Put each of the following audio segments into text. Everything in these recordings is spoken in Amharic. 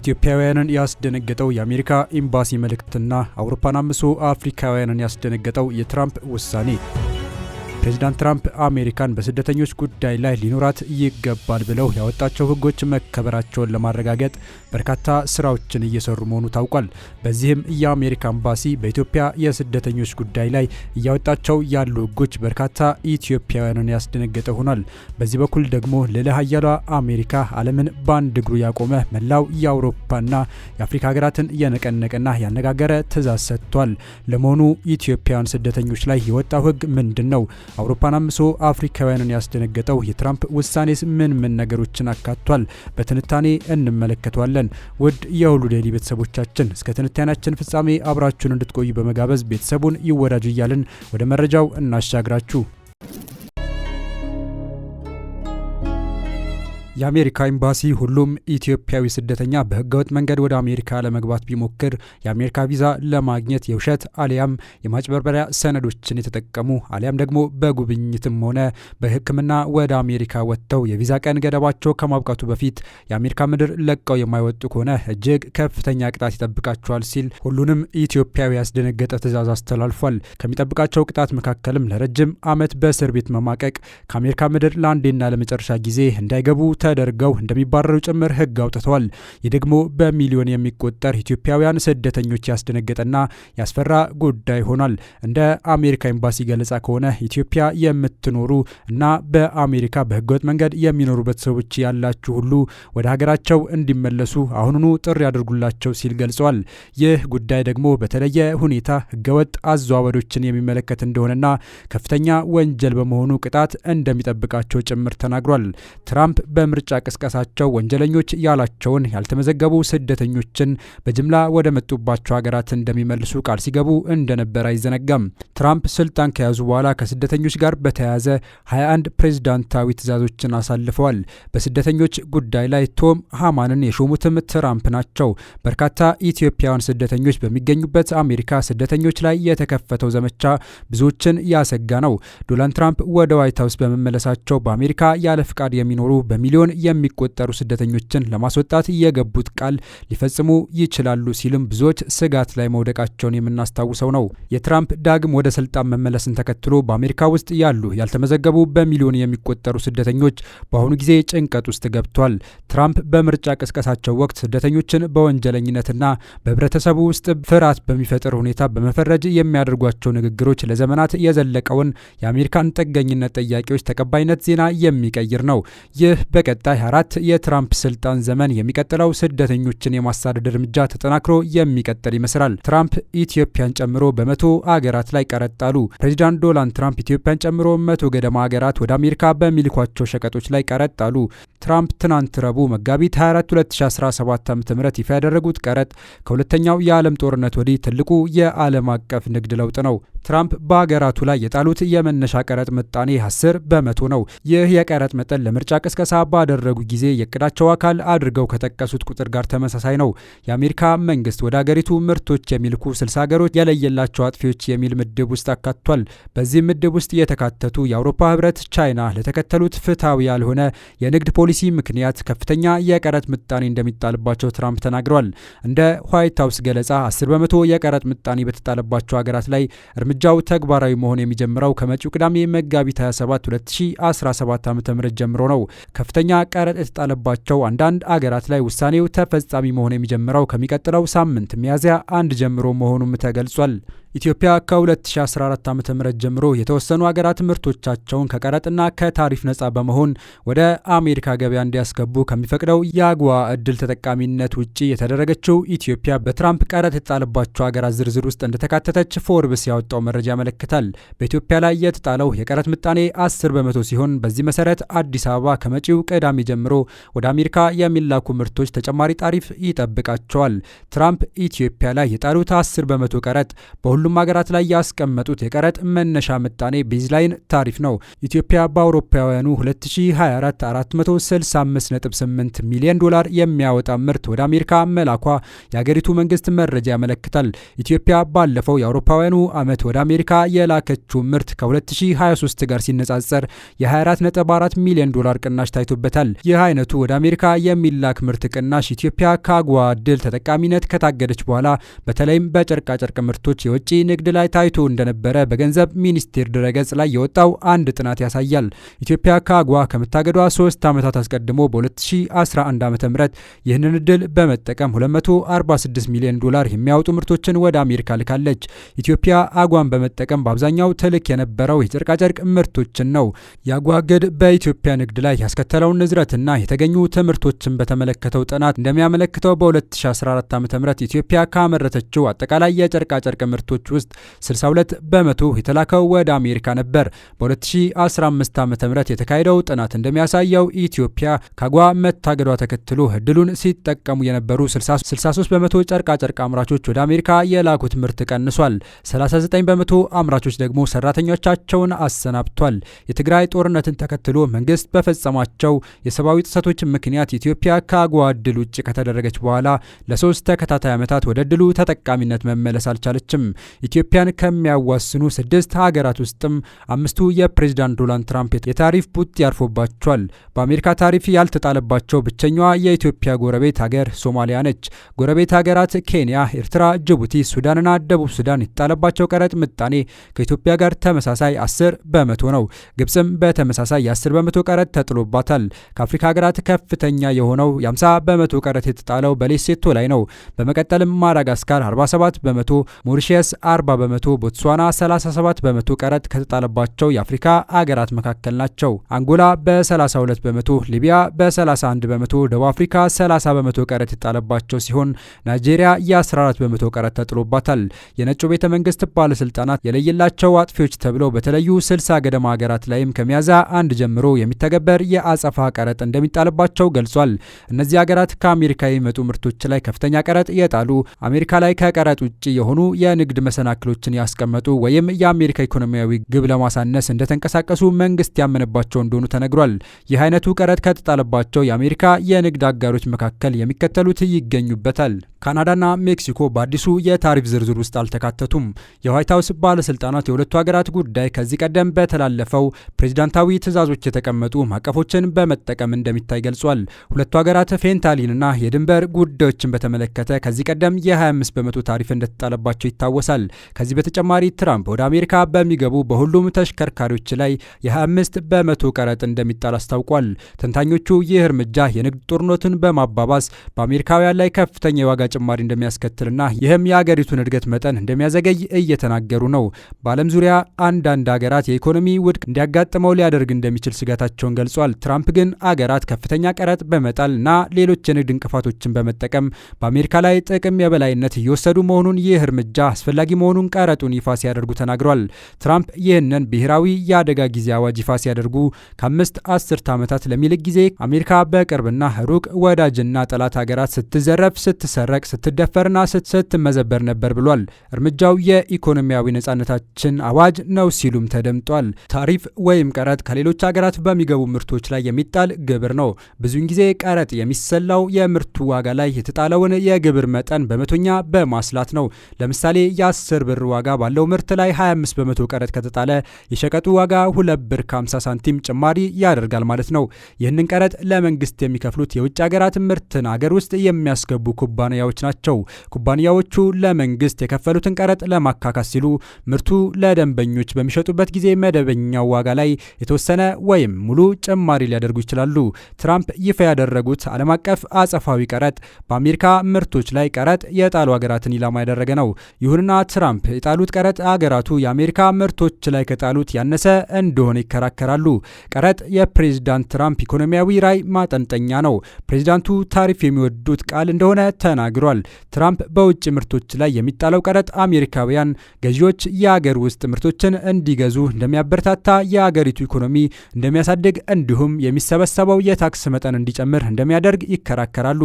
ኢትዮጵያውያንን ያስደነገጠው የአሜሪካ ኤምባሲ መልእክትና አውሮፓን አምሶ አፍሪካውያንን ያስደነገጠው የትራምፕ ውሳኔ ፕሬዚዳንት ትራምፕ አሜሪካን በስደተኞች ጉዳይ ላይ ሊኖራት ይገባል ብለው ያወጣቸው ህጎች መከበራቸውን ለማረጋገጥ በርካታ ስራዎችን እየሰሩ መሆኑ ታውቋል። በዚህም የአሜሪካ ኤምባሲ በኢትዮጵያ የስደተኞች ጉዳይ ላይ እያወጣቸው ያሉ ህጎች በርካታ ኢትዮጵያውያንን ያስደነገጠ ሆኗል። በዚህ በኩል ደግሞ ልዕለ ኃያሏ አሜሪካ ዓለምን በአንድ እግሩ ያቆመ መላው የአውሮፓና የአፍሪካ ሀገራትን እየነቀነቀና ያነጋገረ ትዛዝ ሰጥቷል። ለመሆኑ ኢትዮጵያውያን ስደተኞች ላይ የወጣው ህግ ምንድን ነው? አውሮፓን አምሶ አፍሪካውያንን ያስደነገጠው የትራምፕ ውሳኔስ ምን ምን ነገሮችን አካቷል? በትንታኔ እንመለከተዋለን። ውድ የሁሉ ዴይሊ ቤተሰቦቻችን እስከ ትንታኔያችን ፍጻሜ አብራችሁን እንድትቆዩ በመጋበዝ ቤተሰቡን ይወዳጁ እያልን ወደ መረጃው እናሻግራችሁ። የአሜሪካ ኤምባሲ ሁሉም ኢትዮጵያዊ ስደተኛ በህገወጥ መንገድ ወደ አሜሪካ ለመግባት ቢሞክር የአሜሪካ ቪዛ ለማግኘት የውሸት አሊያም የማጭበርበሪያ ሰነዶችን የተጠቀሙ አሊያም ደግሞ በጉብኝትም ሆነ በሕክምና ወደ አሜሪካ ወጥተው የቪዛ ቀን ገደባቸው ከማብቃቱ በፊት የአሜሪካ ምድር ለቀው የማይወጡ ከሆነ እጅግ ከፍተኛ ቅጣት ይጠብቃቸዋል ሲል ሁሉንም ኢትዮጵያዊ ያስደነገጠ ትዕዛዝ አስተላልፏል። ከሚጠብቃቸው ቅጣት መካከልም ለረጅም ዓመት በእስር ቤት መማቀቅ፣ ከአሜሪካ ምድር ለአንዴና ለመጨረሻ ጊዜ እንዳይገቡ ተደርገው እንደሚባረሩ ጭምር ህግ አውጥተዋል። ይህ ደግሞ በሚሊዮን የሚቆጠር ኢትዮጵያውያን ስደተኞች ያስደነገጠና ያስፈራ ጉዳይ ሆኗል። እንደ አሜሪካ ኤምባሲ ገለጻ ከሆነ ኢትዮጵያ የምትኖሩ እና በአሜሪካ በህገወጥ መንገድ የሚኖሩበት ሰዎች ያላችሁ ሁሉ ወደ ሀገራቸው እንዲመለሱ አሁኑኑ ጥሪ ያደርጉላቸው ሲል ገልጿል። ይህ ጉዳይ ደግሞ በተለየ ሁኔታ ህገወጥ አዘዋበዶችን የሚመለከት እንደሆነና ከፍተኛ ወንጀል በመሆኑ ቅጣት እንደሚጠብቃቸው ጭምር ተናግሯል። ትራምፕ በ በምርጫ ቅስቀሳቸው ወንጀለኞች ያላቸውን ያልተመዘገቡ ስደተኞችን በጅምላ ወደ መጡባቸው ሀገራት እንደሚመልሱ ቃል ሲገቡ እንደነበር አይዘነጋም። ትራምፕ ስልጣን ከያዙ በኋላ ከስደተኞች ጋር በተያያዘ 21 ፕሬዝዳንታዊ ትዕዛዞችን አሳልፈዋል። በስደተኞች ጉዳይ ላይ ቶም ሃማንን የሾሙትም ትራምፕ ናቸው። በርካታ ኢትዮጵያውያን ስደተኞች በሚገኙበት አሜሪካ ስደተኞች ላይ የተከፈተው ዘመቻ ብዙዎችን ያሰጋ ነው። ዶናልድ ትራምፕ ወደ ዋይት ሀውስ በመመለሳቸው በአሜሪካ ያለ ፍቃድ የሚኖሩ በሚሊዮን በሚሊዮን የሚቆጠሩ ስደተኞችን ለማስወጣት የገቡት ቃል ሊፈጽሙ ይችላሉ ሲልም ብዙዎች ስጋት ላይ መውደቃቸውን የምናስታውሰው ነው። የትራምፕ ዳግም ወደ ስልጣን መመለስን ተከትሎ በአሜሪካ ውስጥ ያሉ ያልተመዘገቡ በሚሊዮን የሚቆጠሩ ስደተኞች በአሁኑ ጊዜ ጭንቀት ውስጥ ገብቷል። ትራምፕ በምርጫ ቅስቀሳቸው ወቅት ስደተኞችን በወንጀለኝነትና በህብረተሰቡ ውስጥ ፍርሃት በሚፈጥር ሁኔታ በመፈረጅ የሚያደርጓቸው ንግግሮች ለዘመናት የዘለቀውን የአሜሪካን ጥገኝነት ጥያቄዎች ተቀባይነት ዜና የሚቀይር ነው። ይህ በቀ በቀጣይ አራት የትራምፕ ስልጣን ዘመን የሚቀጥለው ስደተኞችን የማሳደድ እርምጃ ተጠናክሮ የሚቀጥል ይመስላል። ትራምፕ ኢትዮጵያን ጨምሮ በመቶ አገራት ላይ ቀረጥ ጣሉ። ፕሬዚዳንት ዶናልድ ትራምፕ ኢትዮጵያን ጨምሮ መቶ ገደማ አገራት ወደ አሜሪካ በሚልኳቸው ሸቀጦች ላይ ቀረጥ ጣሉ። ትራምፕ ትናንት ረቡዕ መጋቢት 24 2017 ዓ ም ይፋ ያደረጉት ቀረጥ ከሁለተኛው የዓለም ጦርነት ወዲህ ትልቁ የዓለም አቀፍ ንግድ ለውጥ ነው። ትራምፕ በአገራቱ ላይ የጣሉት የመነሻ ቀረጥ ምጣኔ 10 በመቶ ነው። ይህ የቀረጥ መጠን ለምርጫ ቅስቀሳ ባደረጉ ጊዜ የእቅዳቸው አካል አድርገው ከጠቀሱት ቁጥር ጋር ተመሳሳይ ነው። የአሜሪካ መንግስት ወደ አገሪቱ ምርቶች የሚልኩ 60 ሀገሮች የለየላቸው አጥፊዎች የሚል ምድብ ውስጥ አካቷል። በዚህ ምድብ ውስጥ የተካተቱ የአውሮፓ ህብረት፣ ቻይና ለተከተሉት ፍትሐዊ ያልሆነ የንግድ ፖሊሲ ፖሊሲ ምክንያት ከፍተኛ የቀረጥ ምጣኔ እንደሚጣልባቸው ትራምፕ ተናግረዋል። እንደ ዋይት ሀውስ ገለጻ 10 በመቶ የቀረጥ ምጣኔ በተጣለባቸው ሀገራት ላይ እርምጃው ተግባራዊ መሆን የሚጀምረው ከመጪው ቅዳሜ መጋቢት 27 2017 ዓ ም ጀምሮ ነው። ከፍተኛ ቀረጥ የተጣለባቸው አንዳንድ አገራት ላይ ውሳኔው ተፈጻሚ መሆን የሚጀምረው ከሚቀጥለው ሳምንት ሚያዝያ አንድ ጀምሮ መሆኑም ተገልጿል። ኢትዮጵያ ከ2014 ዓ ም ጀምሮ የተወሰኑ ሀገራት ምርቶቻቸውን ከቀረጥና ከታሪፍ ነጻ በመሆን ወደ አሜሪካ ገበያ እንዲያስገቡ ከሚፈቅደው የአግዋ እድል ተጠቃሚነት ውጪ የተደረገችው ኢትዮጵያ በትራምፕ ቀረጥ የተጣለባቸው ሀገራት ዝርዝር ውስጥ እንደተካተተች ፎርብስ ያወጣው መረጃ ያመለክታል። በኢትዮጵያ ላይ የተጣለው የቀረጥ ምጣኔ 10 በመቶ ሲሆን በዚህ መሰረት አዲስ አበባ ከመጪው ቅዳሜ ጀምሮ ወደ አሜሪካ የሚላኩ ምርቶች ተጨማሪ ታሪፍ ይጠብቃቸዋል። ትራምፕ ኢትዮጵያ ላይ የጣሉት 10 በመቶ ቀረጥ በሁሉ በሁሉም ሀገራት ላይ ያስቀመጡት የቀረጥ መነሻ ምጣኔ ቤዝላይን ታሪፍ ነው። ኢትዮጵያ በአውሮፓውያኑ 2024 465.8 ሚሊዮን ዶላር የሚያወጣ ምርት ወደ አሜሪካ መላኳ የአገሪቱ መንግስት መረጃ ያመለክታል። ኢትዮጵያ ባለፈው የአውሮፓውያኑ ዓመት ወደ አሜሪካ የላከችው ምርት ከ2023 ጋር ሲነጻጸር የ24.4 ሚሊዮን ዶላር ቅናሽ ታይቶበታል። ይህ አይነቱ ወደ አሜሪካ የሚላክ ምርት ቅናሽ ኢትዮጵያ ከአጎዋ ድል ተጠቃሚነት ከታገደች በኋላ በተለይም በጨርቃጨርቅ ምርቶች የውጭ ንግድ ላይ ታይቶ እንደነበረ በገንዘብ ሚኒስቴር ድረገጽ ላይ የወጣው አንድ ጥናት ያሳያል። ኢትዮጵያ ከአጓ ከመታገዷ ሶስት ዓመታት አስቀድሞ በ2011 ዓ ም ይህንን እድል በመጠቀም 246 ሚሊዮን ዶላር የሚያወጡ ምርቶችን ወደ አሜሪካ ልካለች። ኢትዮጵያ አጓን በመጠቀም በአብዛኛው ትልክ የነበረው የጨርቃጨርቅ ምርቶችን ነው። የአጓ እግድ በኢትዮጵያ ንግድ ላይ ያስከተለውን ንዝረትና የተገኙ ትምህርቶችን በተመለከተው ጥናት እንደሚያመለክተው በ2014 ዓ ም ኢትዮጵያ ካመረተችው አጠቃላይ የጨርቃጨርቅ ምርቶች ምርቶች ውስጥ 62 በመቶ የተላከው ወደ አሜሪካ ነበር። በ2015 ዓ ም የተካሄደው ጥናት እንደሚያሳየው ኢትዮጵያ ካጓ መታገዷ ተከትሎ እድሉን ሲጠቀሙ የነበሩ 63 በመቶ ጨርቃጨርቅ አምራቾች ወደ አሜሪካ የላኩት ምርት ቀንሷል። 39 በመቶ አምራቾች ደግሞ ሰራተኞቻቸውን አሰናብቷል። የትግራይ ጦርነትን ተከትሎ መንግስት በፈጸማቸው የሰብአዊ ጥሰቶች ምክንያት ኢትዮጵያ ከአጓ እድል ውጭ ከተደረገች በኋላ ለሶስት ተከታታይ ዓመታት ወደ እድሉ ተጠቃሚነት መመለስ አልቻለችም። ኢትዮጵያን ከሚያዋስኑ ስድስት ሀገራት ውስጥም አምስቱ የፕሬዚዳንት ዶናልድ ትራምፕ የታሪፍ ቡት ያርፎባቸዋል። በአሜሪካ ታሪፍ ያልተጣለባቸው ብቸኛዋ የኢትዮጵያ ጎረቤት ሀገር ሶማሊያ ነች። ጎረቤት ሀገራት ኬንያ፣ ኤርትራ፣ ጅቡቲ፣ ሱዳንና ደቡብ ሱዳን የተጣለባቸው ቀረጥ ምጣኔ ከኢትዮጵያ ጋር ተመሳሳይ 10 በመቶ ነው። ግብፅም በተመሳሳይ የ10 በመቶ ቀረጥ ተጥሎባታል። ከአፍሪካ ሀገራት ከፍተኛ የሆነው የ50 በመቶ ቀረጥ የተጣለው በሌሴቶ ላይ ነው። በመቀጠልም ማዳጋስካር 47 በመቶ፣ ሞሪሸስ 40 በመቶ፣ ቦትስዋና 37 በመቶ ቀረጥ ከተጣለባቸው የአፍሪካ አገራት መካከል ናቸው። አንጎላ በ32 በመቶ፣ ሊቢያ በ31 በመቶ፣ ደቡብ አፍሪካ 30 በመቶ ቀረጥ የተጣለባቸው ሲሆን ናይጄሪያ የ14 በመቶ ቀረጥ ተጥሎባታል። የነጩ ቤተ መንግስት ባለስልጣናት የለየላቸው አጥፊዎች ተብለው በተለዩ 60 ገደማ ሀገራት ላይም ከሚያዝያ አንድ ጀምሮ የሚተገበር የአጸፋ ቀረጥ እንደሚጣልባቸው ገልጿል። እነዚህ ሀገራት ከአሜሪካ የሚመጡ ምርቶች ላይ ከፍተኛ ቀረጥ የጣሉ አሜሪካ ላይ ከቀረጥ ውጭ የሆኑ የንግድ መሰናክሎችን ያስቀመጡ ወይም የአሜሪካ ኢኮኖሚያዊ ግብ ለማሳነስ እንደተንቀሳቀሱ መንግስት ያመነባቸው እንደሆኑ ተነግሯል። ይህ አይነቱ ቀረጥ ከተጣለባቸው የአሜሪካ የንግድ አጋሮች መካከል የሚከተሉት ይገኙበታል። ካናዳና ሜክሲኮ በአዲሱ የታሪፍ ዝርዝር ውስጥ አልተካተቱም። የዋይት ሀውስ ባለስልጣናት የሁለቱ ሀገራት ጉዳይ ከዚህ ቀደም በተላለፈው ፕሬዚዳንታዊ ትዕዛዞች የተቀመጡ ማዕቀፎችን በመጠቀም እንደሚታይ ገልጿል። ሁለቱ ሀገራት ፌንታሊንና የድንበር ጉዳዮችን በተመለከተ ከዚህ ቀደም የ25 በመቶ ታሪፍ እንደተጣለባቸው ይታወሳል። ይገኙበታል። ከዚህ በተጨማሪ ትራምፕ ወደ አሜሪካ በሚገቡ በሁሉም ተሽከርካሪዎች ላይ የ25 በመቶ ቀረጥ እንደሚጣል አስታውቋል። ተንታኞቹ ይህ እርምጃ የንግድ ጦርነቱን በማባባስ በአሜሪካውያን ላይ ከፍተኛ የዋጋ ጭማሪ እንደሚያስከትልና ይህም የአገሪቱን እድገት መጠን እንደሚያዘገይ እየተናገሩ ነው። በዓለም ዙሪያ አንዳንድ አገራት የኢኮኖሚ ውድቅ እንዲያጋጥመው ሊያደርግ እንደሚችል ስጋታቸውን ገልጿል። ትራምፕ ግን አገራት ከፍተኛ ቀረጥ በመጣል እና ሌሎች የንግድ እንቅፋቶችን በመጠቀም በአሜሪካ ላይ ጥቅም የበላይነት እየወሰዱ መሆኑን ይህ እርምጃ አስፈላጊ አስፈላጊ መሆኑን ቀረጡን ይፋ ሲያደርጉ ተናግሯል። ትራምፕ ይህንን ብሔራዊ የአደጋ ጊዜ አዋጅ ይፋ ሲያደርጉ ከአምስት አስርት ዓመታት ለሚልቅ ጊዜ አሜሪካ በቅርብና ሩቅ ወዳጅና ጠላት ሀገራት ስትዘረፍ፣ ስትሰረቅ፣ ስትደፈርና ስትመዘበር ነበር ብሏል። እርምጃው የኢኮኖሚያዊ ነጻነታችን አዋጅ ነው ሲሉም ተደምጧል። ታሪፍ ወይም ቀረጥ ከሌሎች ሀገራት በሚገቡ ምርቶች ላይ የሚጣል ግብር ነው። ብዙውን ጊዜ ቀረጥ የሚሰላው የምርቱ ዋጋ ላይ የተጣለውን የግብር መጠን በመቶኛ በማስላት ነው። ለምሳሌ 10 ብር ዋጋ ባለው ምርት ላይ 25 በመቶ ቀረጥ ከተጣለ የሸቀጡ ዋጋ 2 ብር ከ50 ሳንቲም ጭማሪ ያደርጋል ማለት ነው። ይህንን ቀረጥ ለመንግስት የሚከፍሉት የውጭ ሀገራት ምርትን አገር ውስጥ የሚያስገቡ ኩባንያዎች ናቸው። ኩባንያዎቹ ለመንግስት የከፈሉትን ቀረጥ ለማካካስ ሲሉ ምርቱ ለደንበኞች በሚሸጡበት ጊዜ መደበኛው ዋጋ ላይ የተወሰነ ወይም ሙሉ ጭማሪ ሊያደርጉ ይችላሉ። ትራምፕ ይፋ ያደረጉት ዓለም አቀፍ አጸፋዊ ቀረጥ በአሜሪካ ምርቶች ላይ ቀረጥ የጣሉ ሀገራትን ኢላማ ያደረገ ነው። ይሁንና ትራምፕ የጣሉት ቀረጥ አገራቱ የአሜሪካ ምርቶች ላይ ከጣሉት ያነሰ እንደሆነ ይከራከራሉ። ቀረጥ የፕሬዚዳንት ትራምፕ ኢኮኖሚያዊ ራይ ማጠንጠኛ ነው። ፕሬዚዳንቱ ታሪፍ የሚወዱት ቃል እንደሆነ ተናግሯል። ትራምፕ በውጭ ምርቶች ላይ የሚጣለው ቀረጥ አሜሪካውያን ገዢዎች የአገር ውስጥ ምርቶችን እንዲገዙ እንደሚያበረታታ፣ የአገሪቱ ኢኮኖሚ እንደሚያሳድግ፣ እንዲሁም የሚሰበሰበው የታክስ መጠን እንዲጨምር እንደሚያደርግ ይከራከራሉ።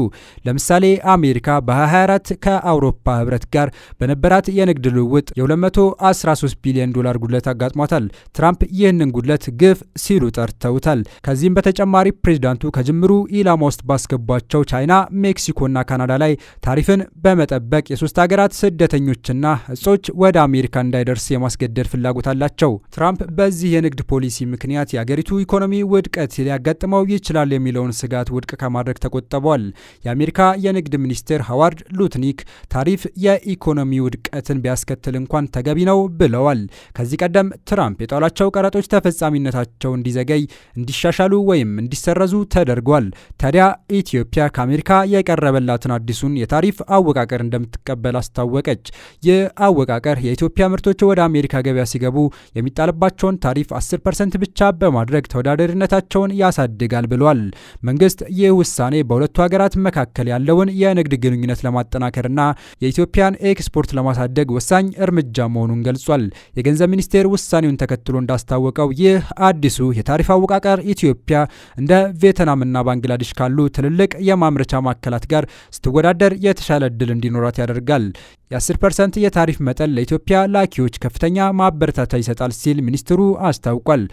ለምሳሌ አሜሪካ በ24 ከአውሮፓ ህብረት ጋር በነበራት የንግድ ልውውጥ የ213 ቢሊዮን ዶላር ጉድለት አጋጥሟታል። ትራምፕ ይህንን ጉድለት ግፍ ሲሉ ጠርተውታል። ከዚህም በተጨማሪ ፕሬዚዳንቱ ከጅምሩ ኢላማ ውስጥ ባስገቧቸው ቻይና፣ ሜክሲኮና ካናዳ ላይ ታሪፍን በመጠበቅ የሶስት ሀገራት ስደተኞችና እጾች ወደ አሜሪካ እንዳይደርስ የማስገደድ ፍላጎት አላቸው። ትራምፕ በዚህ የንግድ ፖሊሲ ምክንያት የአገሪቱ ኢኮኖሚ ውድቀት ሊያጋጥመው ይችላል የሚለውን ስጋት ውድቅ ከማድረግ ተቆጥበዋል። የአሜሪካ የንግድ ሚኒስቴር ሃዋርድ ሉትኒክ ታሪፍ የኢኮኖሚ ውድቀትን ጉዳትን ቢያስከትል እንኳን ተገቢ ነው ብለዋል። ከዚህ ቀደም ትራምፕ የጣሏቸው ቀረጦች ተፈጻሚነታቸው እንዲዘገይ፣ እንዲሻሻሉ ወይም እንዲሰረዙ ተደርጓል። ታዲያ ኢትዮጵያ ከአሜሪካ የቀረበላትን አዲሱን የታሪፍ አወቃቀር እንደምትቀበል አስታወቀች። ይህ አወቃቀር የኢትዮጵያ ምርቶች ወደ አሜሪካ ገበያ ሲገቡ የሚጣልባቸውን ታሪፍ 10 ፐርሰንት ብቻ በማድረግ ተወዳዳሪነታቸውን ያሳድጋል ብሏል። መንግስት ይህ ውሳኔ በሁለቱ ሀገራት መካከል ያለውን የንግድ ግንኙነት ለማጠናከርና የኢትዮጵያን ኤክስፖርት ለማሳደግ ለማሳደግ ወሳኝ እርምጃ መሆኑን ገልጿል። የገንዘብ ሚኒስቴር ውሳኔውን ተከትሎ እንዳስታወቀው ይህ አዲሱ የታሪፍ አወቃቀር ኢትዮጵያ እንደ ቬትናምና ባንግላዴሽ ካሉ ትልልቅ የማምረቻ ማዕከላት ጋር ስትወዳደር የተሻለ እድል እንዲኖራት ያደርጋል። የ10 ፐርሰንት የታሪፍ መጠን ለኢትዮጵያ ላኪዎች ከፍተኛ ማበረታቻ ይሰጣል ሲል ሚኒስትሩ አስታውቋል።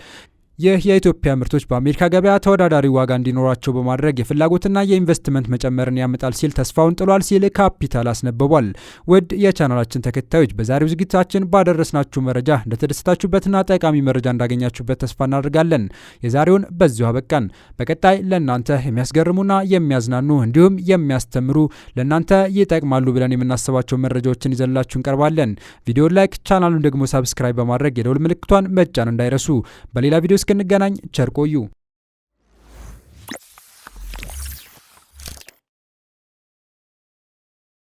ይህ የኢትዮጵያ ምርቶች በአሜሪካ ገበያ ተወዳዳሪ ዋጋ እንዲኖራቸው በማድረግ የፍላጎትና የኢንቨስትመንት መጨመርን ያመጣል ሲል ተስፋውን ጥሏል ሲል ካፒታል አስነብቧል። ውድ የቻናላችን ተከታዮች በዛሬው ዝግጅታችን ባደረስናችሁ መረጃ እንደተደሰታችሁበትና ጠቃሚ መረጃ እንዳገኛችሁበት ተስፋ እናደርጋለን። የዛሬውን በዚሁ አበቃን። በቀጣይ ለእናንተ የሚያስገርሙና የሚያዝናኑ እንዲሁም የሚያስተምሩ ለእናንተ ይጠቅማሉ ብለን የምናስባቸው መረጃዎችን ይዘንላችሁ እንቀርባለን። ቪዲዮ ላይክ፣ ቻናሉን ደግሞ ሳብስክራይብ በማድረግ የደውል ምልክቷን መጫን እንዳይረሱ። በሌላ ቪዲዮ እስክንገናኝ ቸርቆዩ